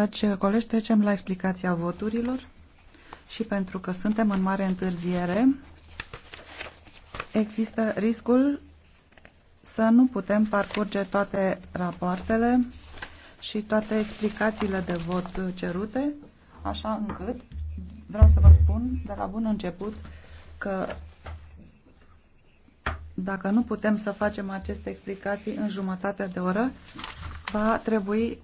Dragi colegi, trecem la explicația voturilor și pentru că suntem în mare întârziere, există riscul să nu putem parcurge toate rapoartele și toate explicațiile de vot cerute, așa încât vreau să vă spun de la bun început că dacă nu putem să facem aceste explicații în jumătate de oră, va trebui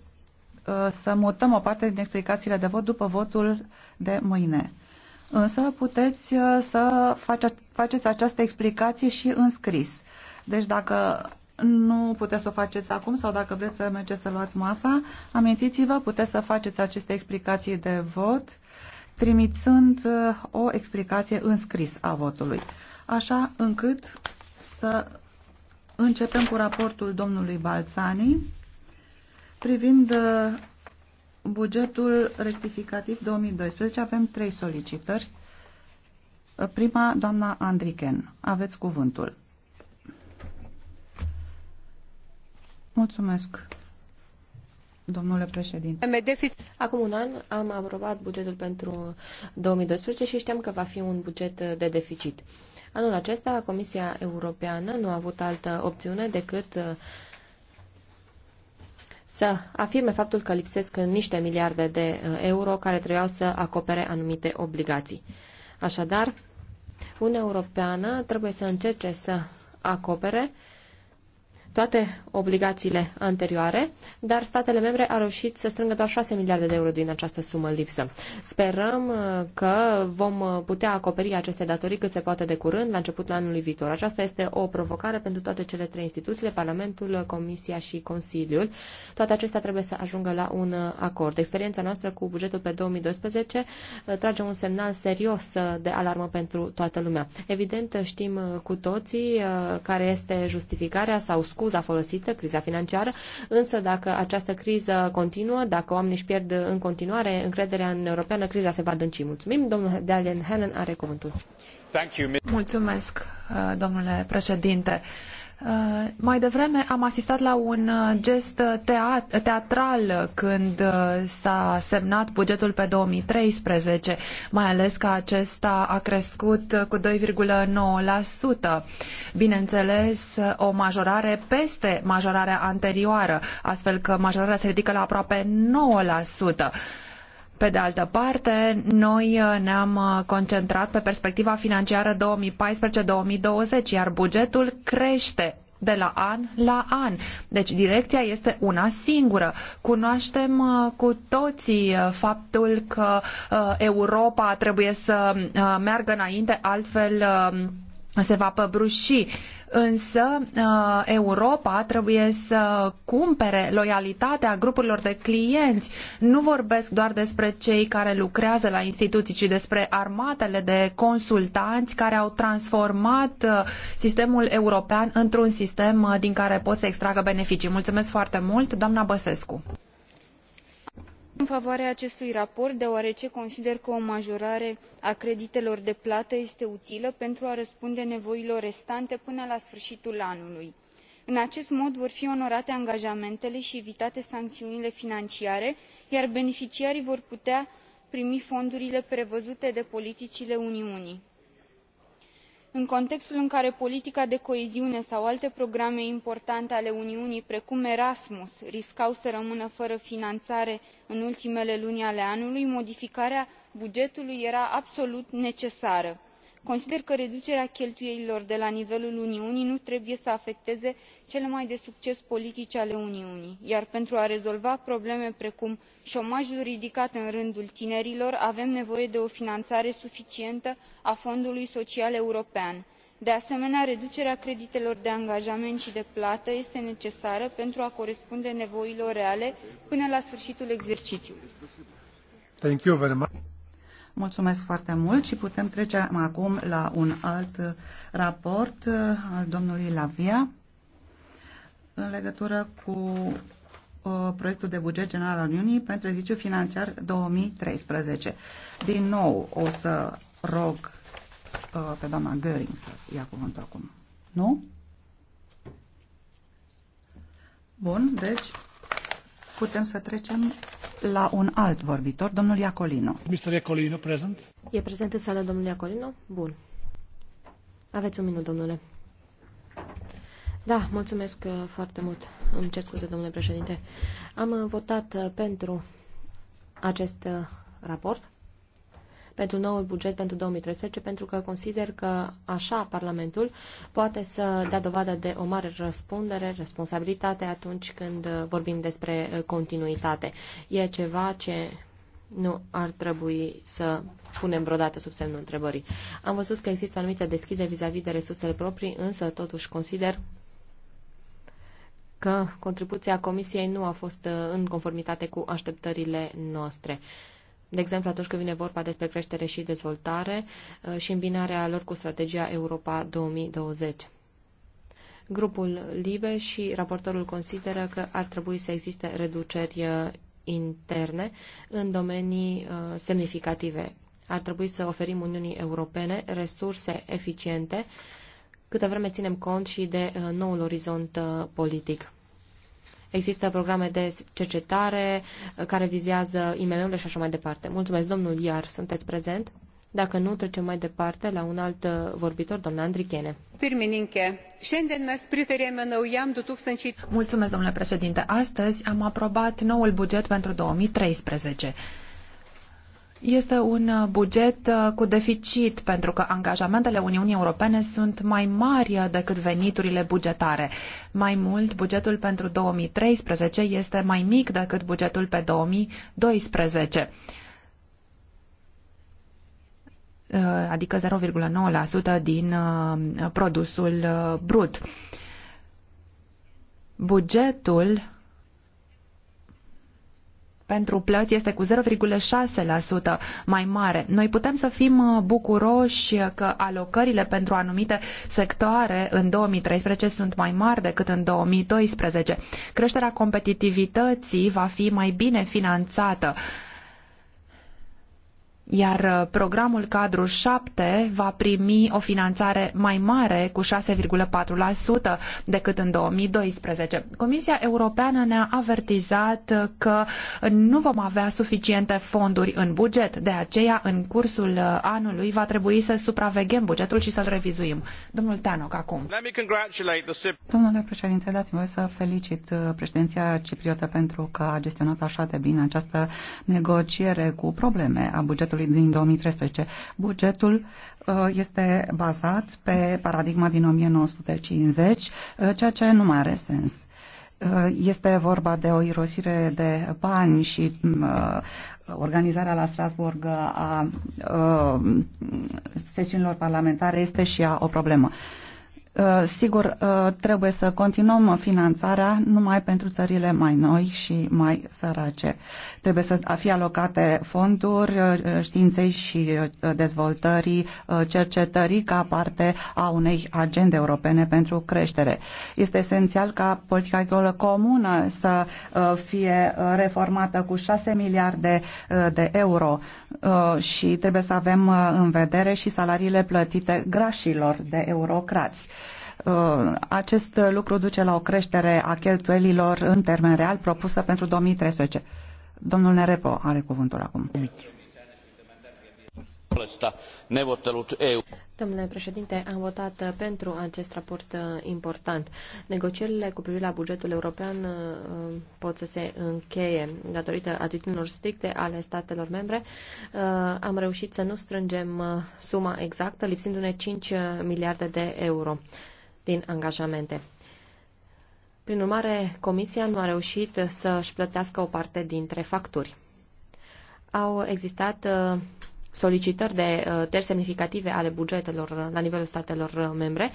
uh, să mutăm o parte din explicațiile de vot după votul de mâine. Însă puteți uh, să faceți această explicație și în scris. Deci dacă nu puteți să o faceți acum sau dacă vreți să mergeți să luați masa, amintiți-vă, puteți să faceți aceste explicații de vot trimițând uh, o explicație în scris a votului. Așa încât să începem cu raportul domnului Balțani. Privind uh, bugetul rectificativ 2012, avem trei solicitări. Uh, prima, doamna Andriken. Aveți cuvântul. Mulțumesc, domnule președinte. Acum un an am aprobat bugetul pentru 2012 și știam că va fi un buget de deficit. Anul acesta, Comisia Europeană nu a avut altă opțiune decât uh, să afirme faptul că lipsesc niște miliarde de uh, euro care trebuiau să acopere anumite obligații. Așadar, Uniunea Europeană trebuie să încerce să acopere toate obligațiile anterioare, dar statele membre au reușit să strângă doar 6 miliarde de euro din această sumă lipsă. Sperăm uh, că vom uh, putea acoperi aceste datorii cât se poate de curând, la începutul anului viitor. Aceasta este o provocare pentru toate cele trei instituțiile, Parlamentul, Comisia și Consiliul. Toate acestea trebuie să ajungă la un uh, acord. Experiența noastră cu bugetul pe 2012 trage un semnal serios de alarmă pentru toată lumea. Evident, știm cu toții care este justificarea sau scurtă scuza folosită, criza financiară, însă dacă această criză continuă, dacă oamenii își pierd în continuare încrederea în europeană, criza se va adânci. Mulțumim, domnul Dalian Hannan are cuvântul. Mulțumesc, uh, domnule președinte. Uh, mai devreme am asistat la un uh, gest uh, teatral când s-a semnat bugetul pe 2013, mai ales că acesta a crescut cu 2,9%. Bineînțeles, o majorare peste majorarea anterioară, astfel că majorarea se ridică la aproape 9%. Pe de altă parte, noi uh, ne-am uh, concentrat pe perspectiva financiară 2014-2020, iar bugetul crește de la an la an. Deci direcția este una singură. Cunoaștem uh, cu toții faptul că Europa trebuie să meargă înainte, altfel se va păbruși. Însă uh, Europa trebuie să cumpere loialitatea grupurilor de clienți. Nu vorbesc doar despre cei care lucrează la instituții, ci despre armatele de consultanți care au transformat uh, sistemul european într-un sistem uh, din care pot să extragă beneficii. Mulțumesc foarte mult, doamna Băsescu în favoarea acestui raport deoarece consider că o majorare a creditelor de plată este utilă pentru a răspunde nevoilor restante până la sfâritul anului. în acest mod vor fi onorate angajamentele i evitate sanciunile financiare iar beneficiarii vor putea primi fondurile prevăzute de politicile uniunii în contextul în care politica de coeziune sau alte programe importante ale uniunii precum erasmus riscau să rămână fără finanare în ultimele luni ale anului modificarea bugetului era absolut necesară consider că reducerea cheltuielilor de la nivelul uniunii nu trebuie să afecteze cele mai de succes politici ale uniunii iar pentru a rezolva probleme precum omajul ridicat în rândul tinerilor avem nevoie de o finanare suficientă a fondului social european. de asemenea reducerea creditelor de angajament i de plată este necesară pentru a corespunde nevoilor reale până la sfâritul exerciiului. Mulțumesc foarte mult și putem trece acum la un alt raport al domnului Lavia în legătură cu uh, proiectul de buget general al Uniunii pentru exercițiul financiar 2013. Din nou o să rog uh, pe doamna Göring să ia cuvântul acum. Nu? Bun, deci putem să trecem la un alt vorbitor, domnul Iacolino. Mr. Iacolino, prezent? E prezent în sală domnul Iacolino? Bun. Aveți un minut, domnule. Da, mulțumesc uh, foarte mult. Îmi cer scuze, domnule președinte. Am uh, votat uh, pentru acest raport pentru noul buget pentru 2013, pentru că consider că așa Parlamentul poate să dea dovadă de o mare răspundere, responsabilitate atunci când vorbim despre continuitate. E ceva ce nu ar trebui să punem vreodată sub semnul întrebării. Am văzut că există anumite deschide vis-a-vis -vis de resursele proprii, însă totuși consider că contribuția Comisiei nu a fost uh, în conformitate cu așteptările noastre de exemplu atunci când vine vorba despre creștere și dezvoltare uh, și îmbinarea lor cu strategia Europa 2020. Grupul LIBE și raportorul consideră că ar trebui să existe reduceri uh, interne în domenii uh, semnificative. Ar trebui să oferim Uniunii Europene resurse eficiente câtă vreme ținem cont și de noul orizont politic. Există programe de cercetare uh, care vizează IMM-urile și așa mai departe. Mulțumesc, domnul Iar, sunteți prezent? Dacă nu, trecem mai departe la un alt uh, vorbitor, doamna Andrichene. Mulțumesc, domnule președinte. Astăzi am aprobat noul buget pentru 2013. Este un uh, buget uh, cu deficit pentru că angajamentele Uniunii Europene sunt mai mari uh, decât veniturile bugetare. Mai mult, bugetul pentru 2013 este mai mic decât bugetul pe 2012 adică 0,9% din produsul brut. Bugetul pentru plăți este cu 0,6% mai mare. Noi putem să fim uh, bucuroși că alocările pentru anumite sectoare în 2013 sunt mai mari decât în 2012. Creșterea competitivității va fi mai bine finanțată iar uh, programul cadru 7 va primi o finanțare mai mare cu 6,4% decât în 2012. Comisia Europeană ne-a avertizat că nu vom avea suficiente fonduri în buget, de aceea în cursul uh, anului va trebui să supraveghem bugetul și să-l revizuim. Domnul Tanoc, acum. Domnule președinte, dați-mi voie să felicit uh, președinția cipriotă pentru că a gestionat așa de bine această negociere cu probleme a bugetului bugetului din 2013. Bugetul uh, este bazat pe paradigma din 1950, uh, ceea ce nu mai are sens. Uh, este vorba de o irosire de bani și mm, organizarea la Strasburg a sesiunilor parlamentare este și ea o problemă. Uh, sigur, uh, trebuie să continuăm finanțarea numai pentru țările mai noi și mai sărace. Trebuie să fie alocate fonduri uh, științei și dezvoltării, cercetării ca parte a unei agende europene pentru creștere. Este esențial ca politica agricolă comună să fie reformată cu 6 miliarde de euro și trebuie să avem în vedere și salariile plătite grașilor de eurocrați. Uh, acest lucru duce la o creștere a cheltuielilor în termen real propusă pentru 2013. Domnul Nerepo are cuvântul acum. Domnule președinte, am votat pentru acest raport uh, important. Negocierile cu privire la bugetul european uh, pot să se încheie. Datorită atitudinilor stricte ale statelor membre, am reușit să nu strângem suma exactă, lipsindu-ne 5 miliarde de euro din angajamente. Prin urmare, Comisia nu a reușit să-și plătească o parte dintre facturi. Au existat uh, solicitări de uh, tăieri semnificative ale bugetelor la nivelul statelor uh, membre,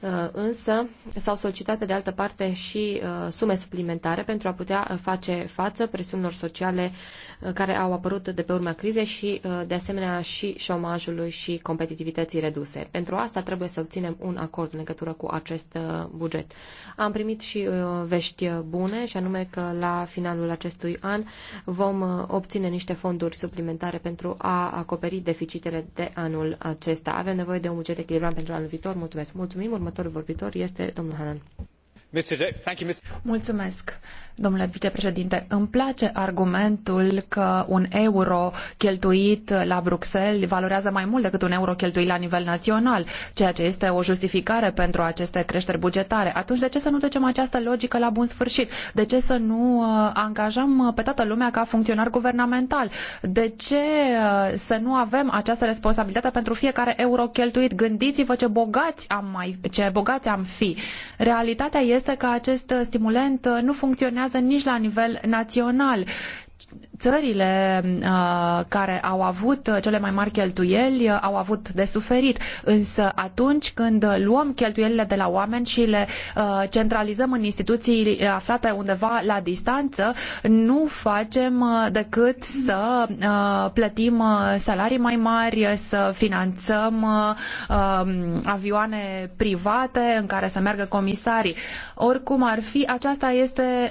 uh, însă s-au solicitat pe de altă parte și sume suplimentare pentru a putea face față presiunilor sociale care au apărut de pe urma crizei și de asemenea și șomajului și competitivității reduse. Pentru asta trebuie să obținem un acord în legătură cu acest buget. Am primit și vești bune și anume că la finalul acestui an vom obține niște fonduri suplimentare pentru a acorda acoperi deficitele de anul acesta. Avem nevoie de un buget echilibrat pentru anul viitor. Mulțumesc. Mulțumim. Următorul vorbitor este domnul Hanan. Mulțumesc. Domnule vicepreședinte, îmi place argumentul că un euro cheltuit la Bruxelles valorează mai mult decât un euro cheltuit la nivel național, ceea ce este o justificare pentru aceste creșteri bugetare. Atunci de ce să nu ducem această logică la bun sfârșit? De ce să nu uh, angajăm uh, pe toată lumea ca funcționar guvernamental? De ce uh, să nu avem această responsabilitate pentru fiecare euro cheltuit? Gândiți-vă ce bogați am mai, ce bogați am fi. Realitatea este că acest stimulent nu funcționează funcționează nici la nivel național țările uh, care au avut uh, cele mai mari cheltuieli uh, au avut de suferit, însă atunci când luăm cheltuielile de la oameni și le centralizăm în instituții aflate undeva la distanță, nu facem decât să plătim salarii mai mari, să finanțăm um, avioane private în care să meargă comisarii. Oricum ar fi, aceasta este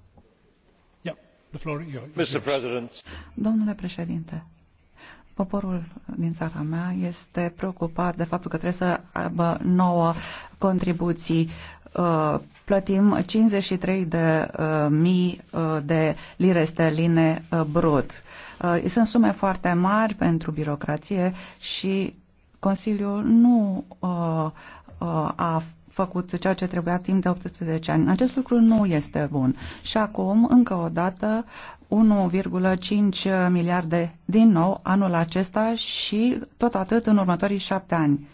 Domnule președinte, poporul din țara mea este preocupat de faptul că trebuie să aibă nouă contribuții. Uh, plătim 53 de uh, mii uh, de lire sterline brut. Sunt sume foarte mari pentru birocrație și Consiliul nu a făcut ceea ce trebuia timp de 18 ani. Acest lucru nu este bun. Și acum, încă o dată, 1,5 miliarde din nou anul acesta și tot atât în următorii șapte ani.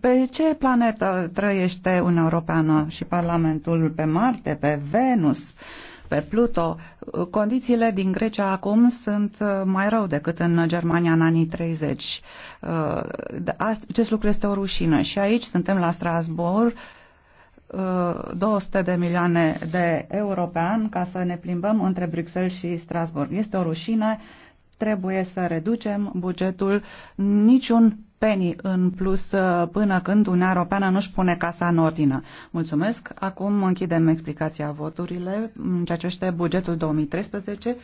Pe ce planetă trăiește Uniunea Europeană și Parlamentul? Pe Marte? Pe Venus? Uh, pe Pluto. Condițiile din Grecia acum sunt uh, mai rău decât în Germania în anii 30. Uh, da, acest lucru este o rușină și aici suntem la Strasbourg 200 uh, de milioane de euro pe an ca să ne plimbăm între Bruxelles și Strasbourg. Este o rușine, trebuie să reducem bugetul. Niciun penii în plus uh, până când Uniunea Europeană nu-și pune casa în ordine. Mulțumesc. Acum închidem explicația voturile în ceea ce este bugetul 2013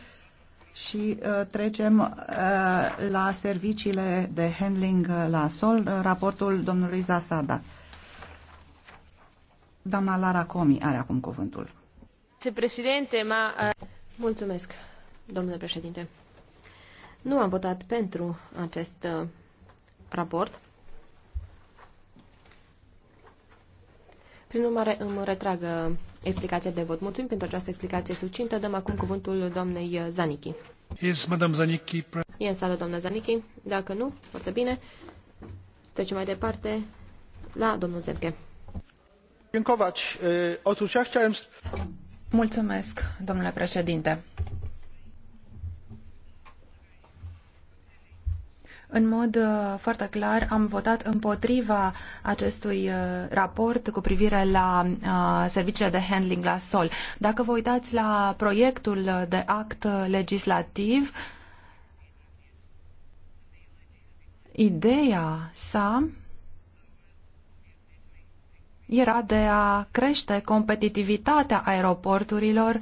și uh, trecem uh, la serviciile de handling uh, la sol, uh, raportul domnului Zasada. Doamna Lara Comi are acum cuvântul. Președinte, ma... Uh, Mulțumesc, domnule președinte. Nu am votat pentru acest raport. Prin urmare, îmi retrag uh, explicația de vot. Mulțumim pentru această explicație succintă. Dăm acum cuvântul doamnei uh, Zanichi. Yes, Madame Zanichi. E în sală, doamna Zanichi. Dacă nu, foarte bine. Trecem mai departe la domnul Zemke. Mulțumesc, domnule președinte. În mod uh, foarte clar am votat împotriva acestui uh, raport cu privire la uh, serviciile de handling la sol. Dacă vă uitați la proiectul de act legislativ, ideea sa era de a crește competitivitatea aeroporturilor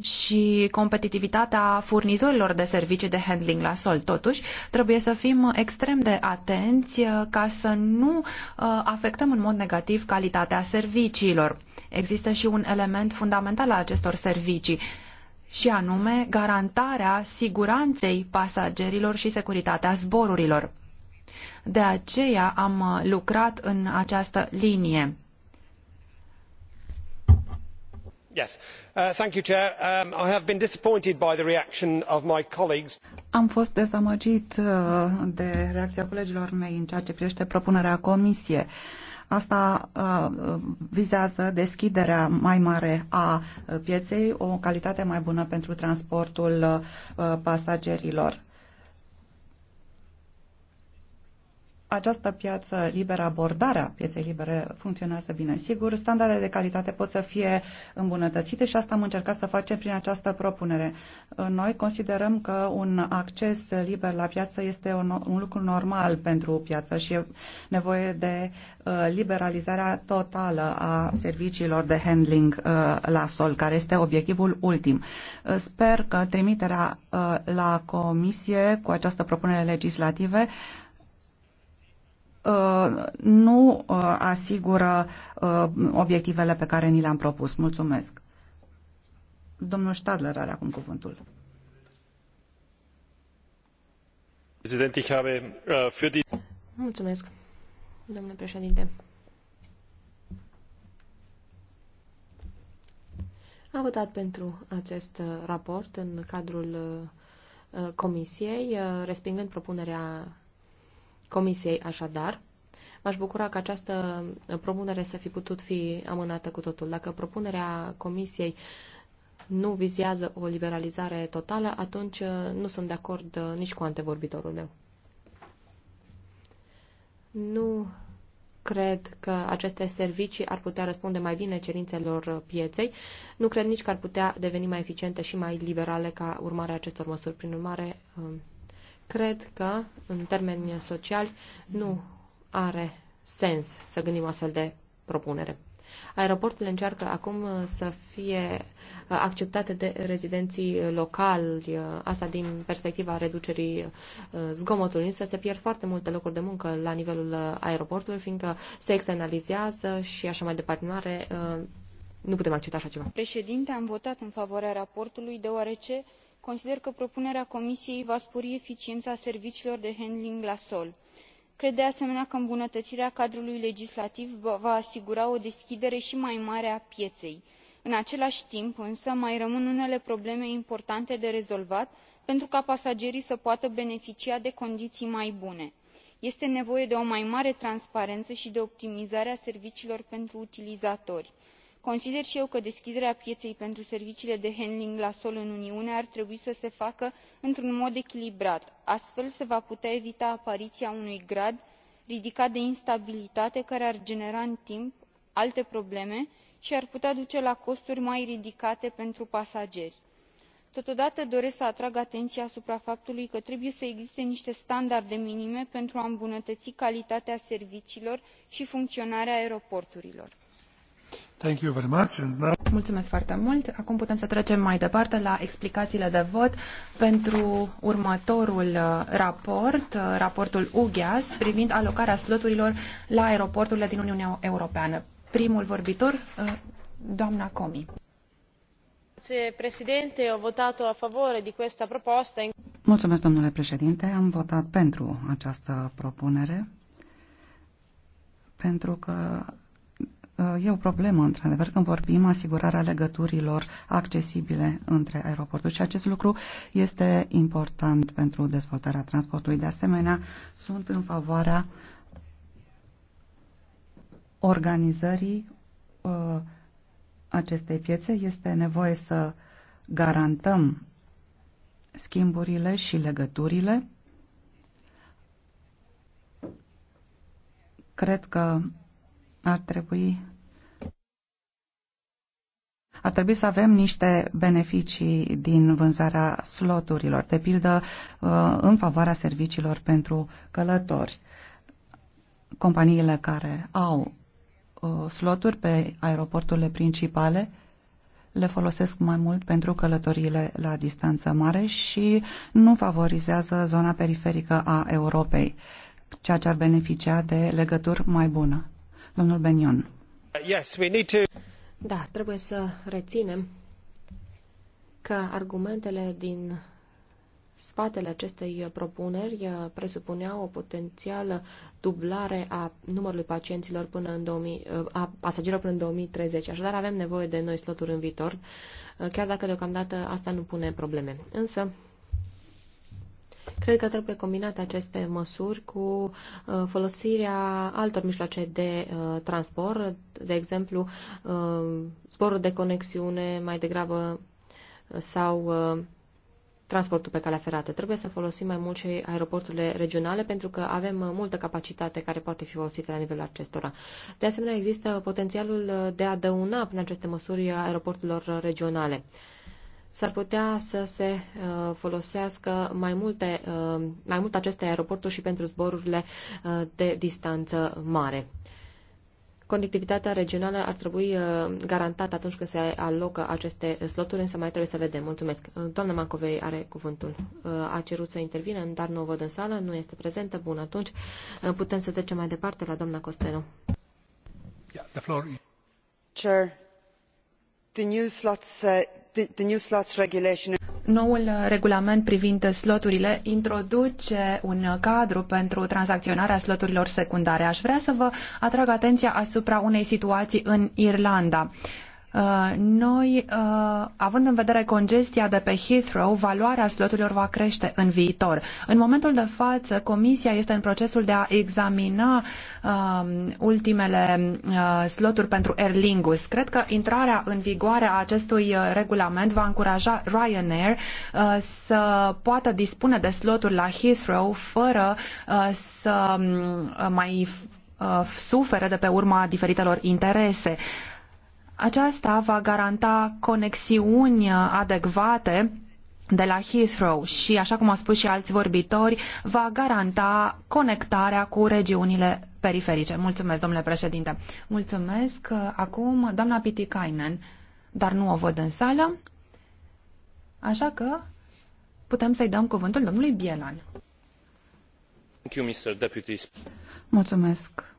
și competitivitatea furnizorilor de servicii de handling la sol. Totuși, trebuie să fim extrem de atenți uh, ca să nu uh, afectăm în mod negativ calitatea serviciilor. Există și un element fundamental al acestor servicii și anume garantarea siguranței pasagerilor și securitatea zborurilor. De aceea am uh, lucrat în această linie. am fost dezamăgit uh, de reacția colegilor mei în ceea ce privește propunerea comisiei. Asta uh, vizează deschiderea mai mare a pieței, o calitate mai bună pentru transportul uh, pasagerilor această piață liberă, abordarea pieței libere funcționează bine. Sigur, standardele de calitate pot să fie îmbunătățite și asta am încercat să facem prin această propunere. Noi considerăm că un acces liber la piață este un, un lucru normal pentru piață și e nevoie de uh, liberalizarea totală a serviciilor de handling uh, la sol, care este obiectivul ultim. Uh, sper că trimiterea uh, la comisie cu această propunere legislative uh, Uh, nu uh, asigură uh, obiectivele pe care ni le-am propus. Mulțumesc. Domnul Stadler are acum cuvântul. Mulțumesc, domnule președinte. Am votat pentru acest raport în cadrul comisiei, respingând propunerea Comisiei așadar. M-aș bucura că această propunere să fi putut fi amânată cu totul. Dacă propunerea Comisiei nu vizează o liberalizare totală, atunci uh, nu sunt de acord uh, nici cu antevorbitorul meu. Nu cred că aceste servicii ar putea răspunde mai bine cerințelor uh, pieței. Nu cred nici că ar putea deveni mai eficiente și mai liberale ca urmare a acestor măsuri. Prin urmare, um, Cred că, în termeni sociali, nu are sens să gândim o astfel de propunere. Aeroporturile încearcă acum să fie acceptate de rezidenții locali, asta din perspectiva reducerii uh, zgomotului, însă se pierd foarte multe locuri de muncă la nivelul uh, aeroportului, fiindcă se externalizează și așa mai departe. Nu are uh, nu putem accepta așa ceva. Președinte, am votat în favoarea raportului deoarece consider că propunerea comisiei va spori eficiena serviciilor de handling la sol. cred de asemenea că îmbunătăirea cadrului legislativ va asigura o deschidere i mai mare a pieei. în acelai timp însă mai rămân unele probleme importante de rezolvat pentru ca pasagerii să poată beneficia de condiii mai bune. este nevoie de o mai mare transparenă i de optimizarea serviciilor pentru utilizatori consider i eu că deschiderea pieei pentru serviciile de handling la sol în uniune ar trebui să se facă într un mod echilibrat astfel se va putea evita apariia unui grad ridicat de instabilitate care ar genera în timp alte probleme i ar putea duce la costuri mai ridicate pentru pasageri. totodată doresc să atrag atenia asupra faptului că trebuie să existe nite standarde minime pentru a îmbunătăi calitatea serviciilor i funcionarea aeroporturilor. Thank you very much. Now... Mulțumesc foarte mult. Acum putem să trecem mai departe la explicațiile de vot pentru următorul uh, raport, uh, raportul UGAS, privind alocarea sloturilor la aeroporturile din Uniunea Europeană. Primul vorbitor, uh, doamna Comi. Președinte, Presidente, votat a favore di questa Mulțumesc, domnule președinte. Am votat pentru această propunere pentru că E o problemă, într-adevăr, când vorbim asigurarea legăturilor accesibile între aeroporturi și acest lucru este important pentru dezvoltarea transportului. De asemenea, sunt în favoarea organizării uh, acestei piețe. Este nevoie să garantăm schimburile și legăturile. Cred că ar trebui ar trebui să avem niște beneficii din vânzarea sloturilor, de pildă uh, în favoarea serviciilor pentru călători. Companiile care au uh, sloturi pe aeroporturile principale le folosesc mai mult pentru călătoriile la distanță mare și nu favorizează zona periferică a Europei, ceea ce ar beneficia de legături mai bună. Domnul Benion. Yes, we need to... Da, trebuie să reținem că argumentele din spatele acestei propuneri eh, presupuneau o potențială dublare a numărului pacienților până în 2000, eh, a pasagerilor până în 2030. Așadar, avem nevoie de noi sloturi în viitor, eh, chiar dacă deocamdată asta nu pune probleme. Însă, Cred că trebuie combinate aceste măsuri cu uh, folosirea altor mijloace de uh, transport, de exemplu uh, zborul de conexiune mai degrabă sau transportul pe calea ferată. Trebuie să folosim mai mult și aeroporturile regionale pentru că avem multă capacitate care poate fi folosită la nivelul acestora. De asemenea, există potențialul de a dăuna prin aceste măsuri aeroporturilor regionale s-ar putea să se uh, folosească mai, multe, uh, mai mult aceste aeroporturi și pentru zborurile uh, de distanță mare. Conectivitatea regională ar trebui garantată atunci când se alocă aceste sloturi, însă mai trebuie să vedem. Mulțumesc. Doamna Mancovei are cuvântul. A cerut să intervină, dar nu o văd în sală, nu este prezentă. Bun, atunci putem să trecem mai departe la doamna Costello. Yeah, the floor. Chair, the new slots uh, Noul regulament privind sloturile introduce un cadru pentru tranzacționarea sloturilor secundare. Aș vrea să vă atrag atenția asupra unei situații în Irlanda Uh, noi, uh, având în vedere congestia de pe Heathrow, valoarea sloturilor va crește în viitor. În momentul de față, Comisia este în procesul de a examina um, ultimele uh, sloturi pentru Aer Lingus. Cred că intrarea în vigoare a acestui regulament va încuraja Ryanair să poată dispune de sloturi la Heathrow fără să um, mai suferă de pe urma diferitelor interese. Aceasta va garanta conexiuni adecvate de la Heathrow și, așa cum au spus și alți vorbitori, va garanta conectarea cu regiunile periferice. Mulțumesc, domnule președinte. Mulțumesc. Acum, doamna Pitikainen, dar nu o văd în sală, așa că putem să-i dăm cuvântul domnului Bielan. Mulțumesc,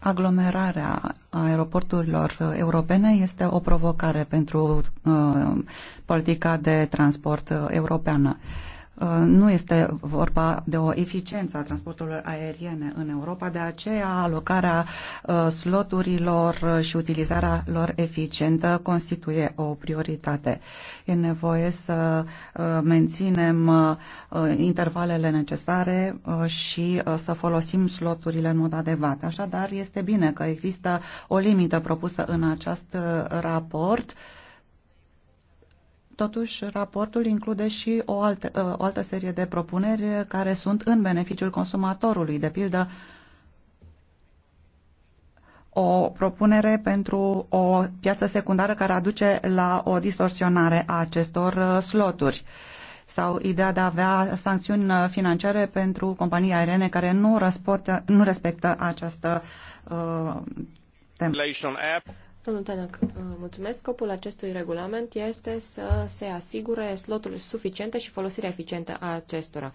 aglomerarea aeroporturilor europene este o provocare pentru uh, politica de transport europeană. Uh, Uh, nu este vorba de o eficiență a transporturilor aeriene în Europa, de aceea alocarea uh, sloturilor și utilizarea lor eficientă constituie o prioritate. E nevoie să uh, menținem intervalele necesare și să folosim sloturile în mod adecvat. Așadar, este bine că există o limită propusă în acest raport Totuși, raportul include și o altă, o altă serie de propuneri care sunt în beneficiul consumatorului, de pildă o propunere pentru o piață secundară care aduce la o distorsionare a acestor ă, sloturi sau ideea de a avea sancțiuni ă, financiare pentru companii aeriene care nu, răspot, nu respectă această uh, temă. Domnul Tanac, uh, mulțumesc. Scopul acestui regulament este să se asigure sloturi suficiente și folosirea eficientă a acestora.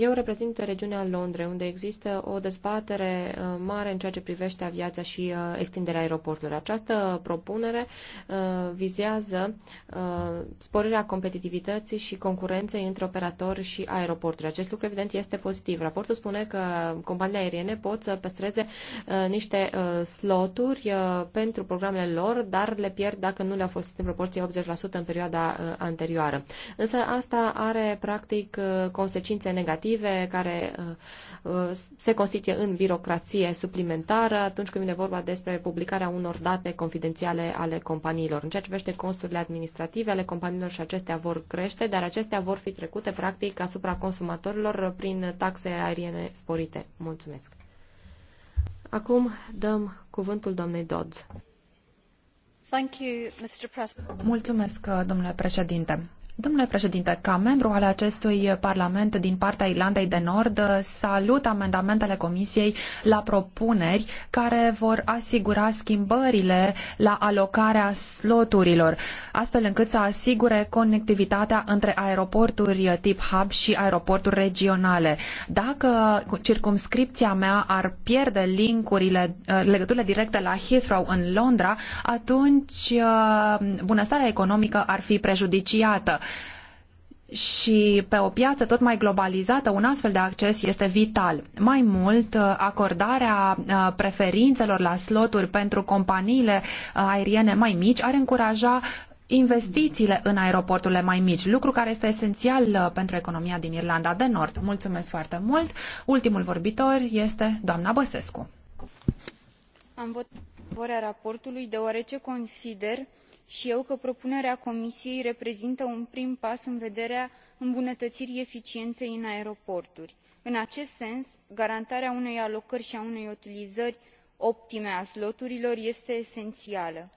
Eu reprezint regiunea Londrei, unde există o dezbatere uh, mare în ceea ce privește aviația și uh, extinderea aeroporturilor. Această propunere uh, vizează sporirea competitivității și concurenței între operatori și aeroporturi. Acest lucru, evident, este pozitiv. Raportul spune că companiile aeriene pot să păstreze niște sloturi pentru programele lor, dar le pierd dacă nu le-au fost în proporție 80% în perioada anterioară. Însă asta are, practic, consecințe negative administrative care uh, uh, se constituie în birocrație suplimentară atunci când vine vorba despre publicarea unor date confidențiale ale companiilor. În ceea ce privește costurile administrative ale companiilor și acestea vor crește, dar acestea vor fi trecute practic asupra consumatorilor prin taxe aeriene sporite. Mulțumesc! Acum dăm cuvântul doamnei Dodds. Mulțumesc, domnule președinte. Domnule președinte, ca membru al acestui parlament din partea Irlandei de Nord, salut amendamentele Comisiei la propuneri care vor asigura schimbările la alocarea sloturilor, astfel încât să asigure conectivitatea între aeroporturi tip hub și aeroporturi regionale. Dacă circumscripția mea ar pierde linkurile, legăturile directe la Heathrow în Londra, atunci uh, bunăstarea economică ar fi prejudiciată și pe o piață tot mai globalizată, un astfel de acces este vital. Mai mult, acordarea uh, preferințelor la sloturi pentru companiile uh, aeriene mai mici ar încuraja investițiile în aeroporturile mai mici, lucru care este esențial uh, pentru economia din Irlanda de Nord. Mulțumesc foarte mult. Ultimul vorbitor este doamna Băsescu. Am votat raportului deoarece consider i eu că propunerea comisiei reprezintă un prim pas în vederea îmbunătăirii eficienei în aeroporturi. în acest sens garantarea unei alocări i a unei utilizări optime a sloturilor este esenială.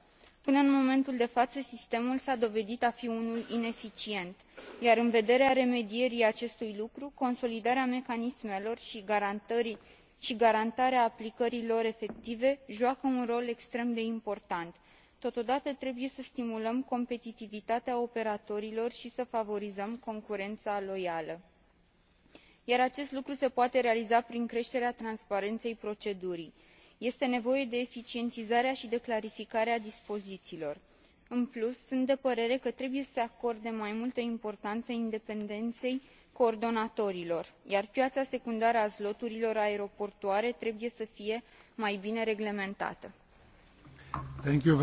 până în momentul de faă sistemul s a dovedit a fi unul ineficient iar în vederea remedierii acestui lucru consolidarea mecanismelor i garantarea aplicării lor efective joacă un rol extrem de important totodată trebuie să stimulăm competitivitatea operatorilor i să favorizăm concurena loială iar acest lucru se poate realiza prin creterea transparenei procedurii. este nevoie de eficientizarea i de clarificarea dispoziiilor. în plus sunt de părere că trebuie să se acorde mai multă importană independenei coordonatorilor iar piaa secundară a sloturilor aeroportuare trebuie să fie mai bine reglementată. Thank you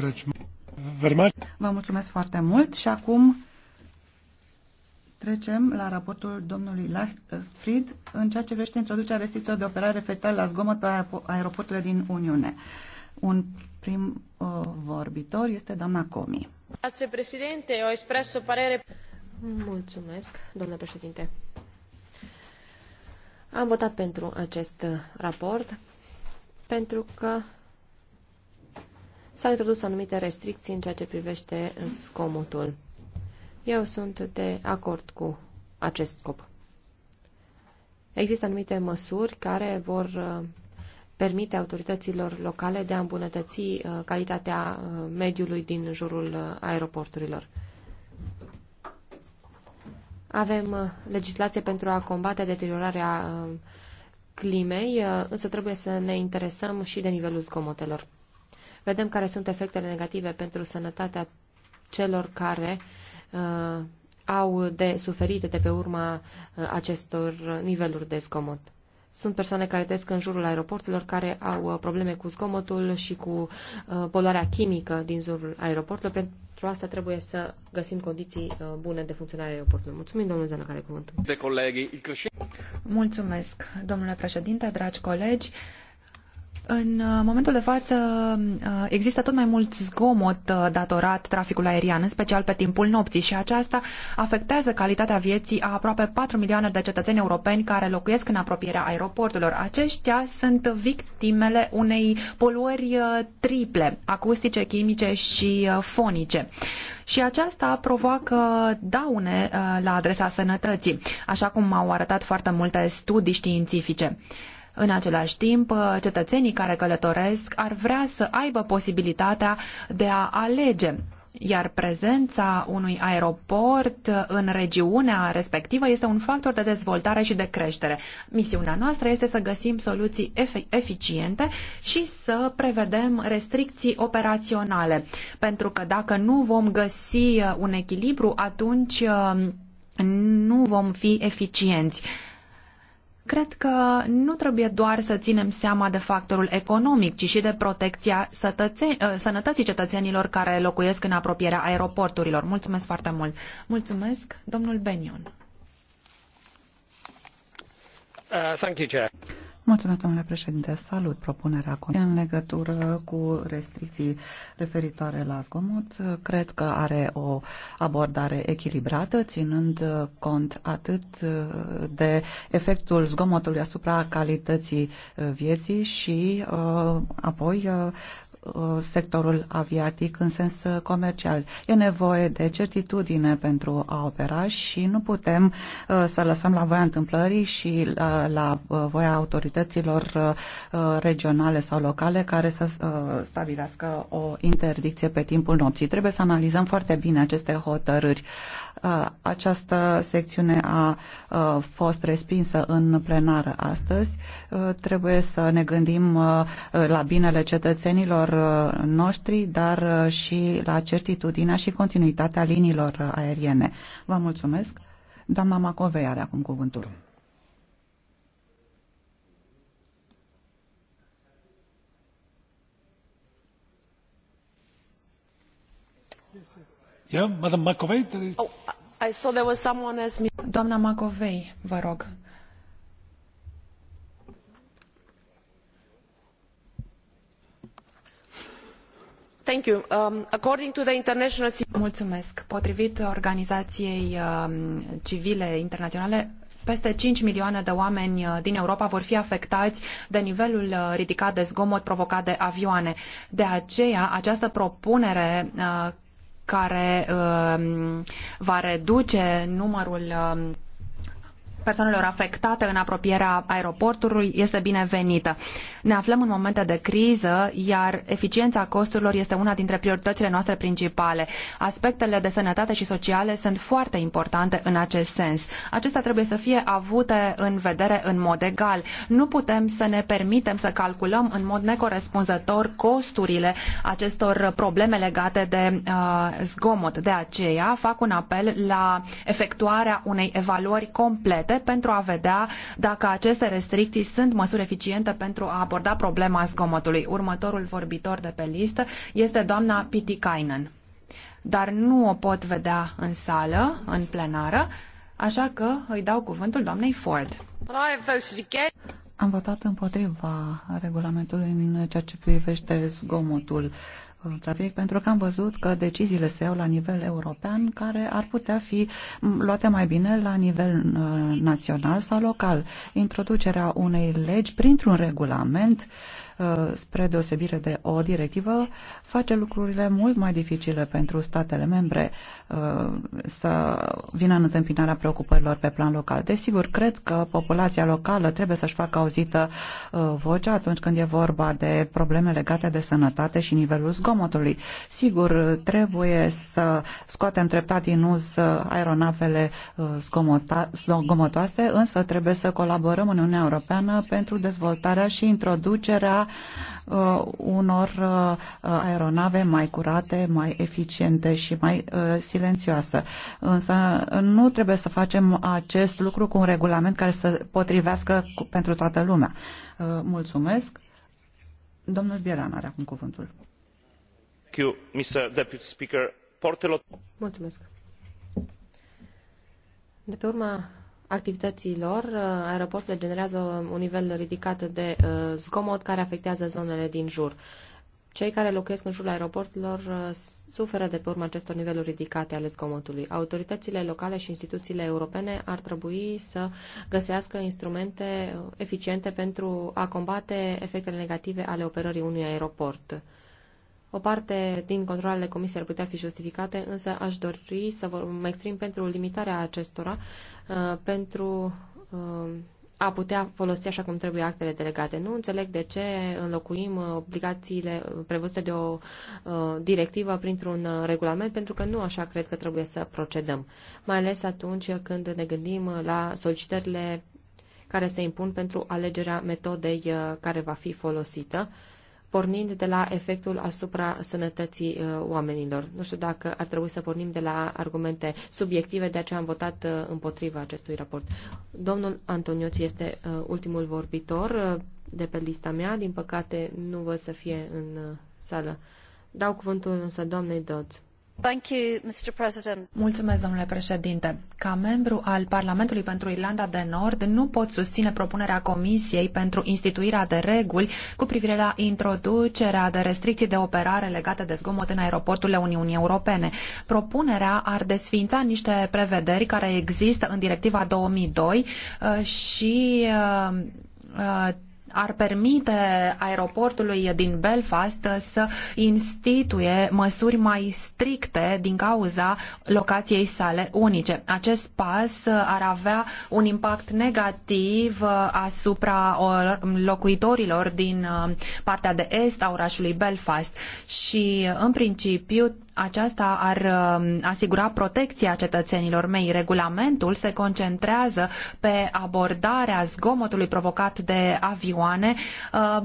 very much. Vă mulțumesc foarte mult și acum trecem la raportul domnului Lachfried în ceea ce privește introducerea restricțiilor de operare referitoare la zgomot pe aeroporturile din Uniune. Un prim uh, vorbitor este doamna Comi. Grazie, președinte. Mulțumesc, domnule președinte. Am votat pentru acest raport pentru că s-au introdus anumite restricții în ceea ce privește scomutul. Eu sunt de acord cu acest scop. Există anumite măsuri care vor uh, permite autorităților locale de a îmbunătăți uh, calitatea uh, mediului din jurul aeroporturilor. Avem legislație pentru a combate deteriorarea climei, însă trebuie să ne interesăm și de nivelul zgomotelor. Vedem care sunt efectele negative pentru sănătatea celor care uh, au de suferit de pe urma uh, acestor niveluri de zgomot. Sunt persoane care trăiesc în jurul aeroporturilor, care au uh, probleme cu zgomotul și cu uh, poluarea chimică din jurul aeroporturilor. Pentru asta trebuie să găsim condiții uh, bune de funcționare a aeroportului. Mulțumim, domnule Zana, care cuvântul. De colegi, Mulțumesc, domnule președinte, dragi colegi. În uh, momentul de față uh, există tot mai mult zgomot uh, datorat traficului aerian, în special pe timpul nopții și aceasta afectează calitatea vieții a aproape 4 milioane de cetățeni europeni care locuiesc în apropierea aeroporturilor. Aceștia sunt victimele unei poluări triple, acustice, chimice și fonice. Și aceasta provoacă daune la adresa sănătății, așa cum au arătat foarte multe studii științifice. În același timp, cetățenii care călătoresc ar vrea să aibă posibilitatea de a alege iar prezența unui aeroport în regiunea respectivă este un factor de dezvoltare și de creștere. Misiunea noastră este să găsim soluții eficiente și să prevedem restricții operaționale, pentru că dacă nu vom găsi un echilibru, atunci uh, nu vom fi eficienți. Cred că nu trebuie doar să ținem seama de factorul economic, ci și de protecția ă, sănătății cetățenilor care locuiesc în apropierea aeroporturilor. Mulțumesc foarte mult. Mulțumesc, domnul Benion. Uh, thank you, Chair. Mulțumesc, domnule președinte. Salut propunerea Comisiei în legătură cu restricții referitoare la zgomot. Cred că are o abordare echilibrată, ținând cont atât de efectul zgomotului asupra calității vieții și uh, apoi uh, Uh, sectorul aviatic în sens uh, comercial. E nevoie de certitudine pentru a opera și nu putem uh, să lăsăm la voia întâmplării și la, la voia autorităților regionale sau locale care să stabilească o interdicție pe timpul nopții. Trebuie să analizăm foarte bine aceste hotărâri. Această secțiune a fost respinsă în plenară astăzi. Trebuie să ne gândim la binele cetățenilor pasagerilor uh, noștri, dar uh, și la certitudinea și continuitatea liniilor uh, aeriene. Vă mulțumesc. Doamna Macovei are acum cuvântul. Yeah, Madam McAvey, oh, I saw there was someone me. Doamna Macovei, vă rog. Um, Mulțumesc. Potrivit organizației um, civile internaționale, peste 5 milioane de oameni uh, din Europa vor fi afectați de nivelul uh, ridicat de zgomot provocat de avioane. De aceea, această propunere uh, care um, va reduce numărul persoanelor afectate în apropierea aeroportului este binevenită. Ne aflăm în momente de criză, iar eficiența costurilor este una dintre prioritățile noastre principale. Aspectele de sănătate și sociale sunt foarte importante în acest sens. Acestea trebuie să fie avute în vedere în mod egal. Nu putem să ne permitem să calculăm în mod necorespunzător costurile acestor probleme legate de uh, zgomot. De aceea fac un apel la efectuarea unei evaluări complete pentru a vedea dacă aceste restricții sunt măsuri eficiente pentru a aborda problema zgomotului. Următorul vorbitor de pe listă este doamna Pitikainen. Dar nu o pot vedea în sală, în plenară, așa că îi dau cuvântul doamnei Ford. Am votat împotriva regulamentului în ceea ce privește zgomotul trafic, pentru că am văzut că deciziile se iau la nivel european care ar putea fi luate mai bine la nivel uh, național sau local. Introducerea unei legi printr-un regulament uh, Uh, spre deosebire de o directivă, face lucrurile mult mai dificile pentru statele membre uh, să vină în întâmpinarea preocupărilor pe plan local. Desigur, cred că populația locală trebuie să-și facă auzită uh, vocea atunci când e vorba de probleme legate de sănătate și nivelul zgomotului. Sigur, trebuie să scoatem treptat din uz aeronavele zgomotoase, însă trebuie să colaborăm în Uniunea Europeană pentru dezvoltarea și introducerea uh, unor uh, aeronave mai curate, mai eficiente și mai uh, silențioase. Însă nu trebuie să facem acest lucru cu un regulament care să potrivească cu, pentru toată lumea. Uh, mulțumesc. Domnul Bieran are acum cuvântul. Mulțumesc. De pe urma activităților, uh, aeroporturile generează un nivel ridicat de uh, zgomot care afectează zonele din jur. Cei care locuiesc în jurul aeroporturilor uh, suferă de pe urma acestor niveluri ridicate ale zgomotului. Autoritățile locale și instituțiile europene ar trebui să găsească instrumente eficiente pentru a combate efectele negative ale operării unui aeroport. O parte din controlele comisiei ar putea fi justificate, însă aș dori să vă mă exprim pentru limitarea acestora, uh, pentru uh, a putea folosi așa cum trebuie actele delegate. Nu înțeleg de ce înlocuim uh, obligațiile prevăzute de o directivă printr-un regulament, pentru că nu așa cred că trebuie să procedăm. Mai ales atunci când ne gândim la solicitările care se impun pentru alegerea metodei care va fi folosită pornind de la efectul asupra sănătății uh, oamenilor. Nu știu dacă ar trebui să pornim de la argumente subiective, de aceea am votat uh, împotriva acestui raport. Domnul Antonioț este uh, ultimul vorbitor de pe lista mea. Din păcate, nu văd să fie în sală. Dau cuvântul însă doamnei Dodds. Mulțumesc, domnule președinte. Ca membru al Parlamentului pentru Irlanda de Nord, nu pot susține propunerea Comisiei pentru instituirea de reguli cu privire la introducerea de restricții de operare legate de zgomot în aeroporturile Uniunii Europene. Propunerea ar desfința niște prevederi care există în Directiva 2002 uh, și uh, uh, ar permite aeroportului din Belfast să instituie măsuri mai stricte din cauza locației sale unice. Acest pas ar avea un impact negativ asupra locuitorilor din uh, partea de est a orașului Belfast și, în principiu, aceasta ar um, asigura protecția cetățenilor mei. Regulamentul se concentrează pe abordarea zgomotului provocat de avioane uh,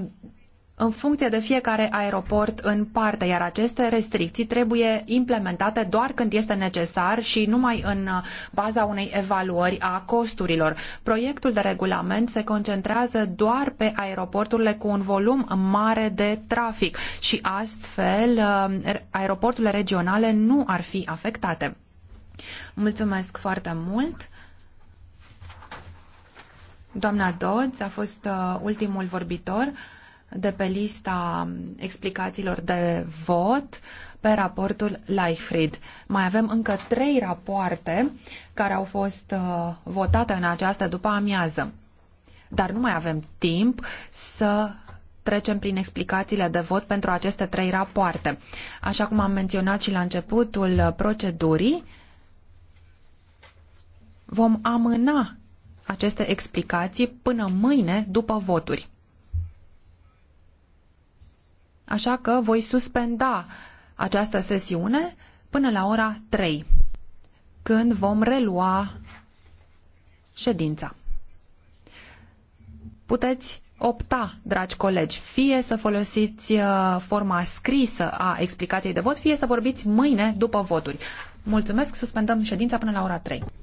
în funcție de fiecare aeroport în parte, iar aceste restricții trebuie implementate doar când este necesar și numai în uh, baza unei evaluări a costurilor. Proiectul de regulament se concentrează doar pe aeroporturile cu un volum mare de trafic și astfel uh, aeroporturile regionale nu ar fi afectate. Mulțumesc foarte mult! Doamna Dodds a fost uh, ultimul vorbitor de pe lista explicațiilor de vot pe raportul Leichfried. Mai avem încă trei rapoarte care au fost uh, votate în această după amiază. Dar nu mai avem timp să trecem prin explicațiile de vot pentru aceste trei rapoarte. Așa cum am menționat și la începutul procedurii, vom amâna aceste explicații până mâine după voturi așa că voi suspenda această sesiune până la ora 3, când vom relua ședința. Puteți opta, dragi colegi, fie să folosiți uh, forma scrisă a explicației de vot, fie să vorbiți mâine după voturi. Mulțumesc, suspendăm ședința până la ora 3.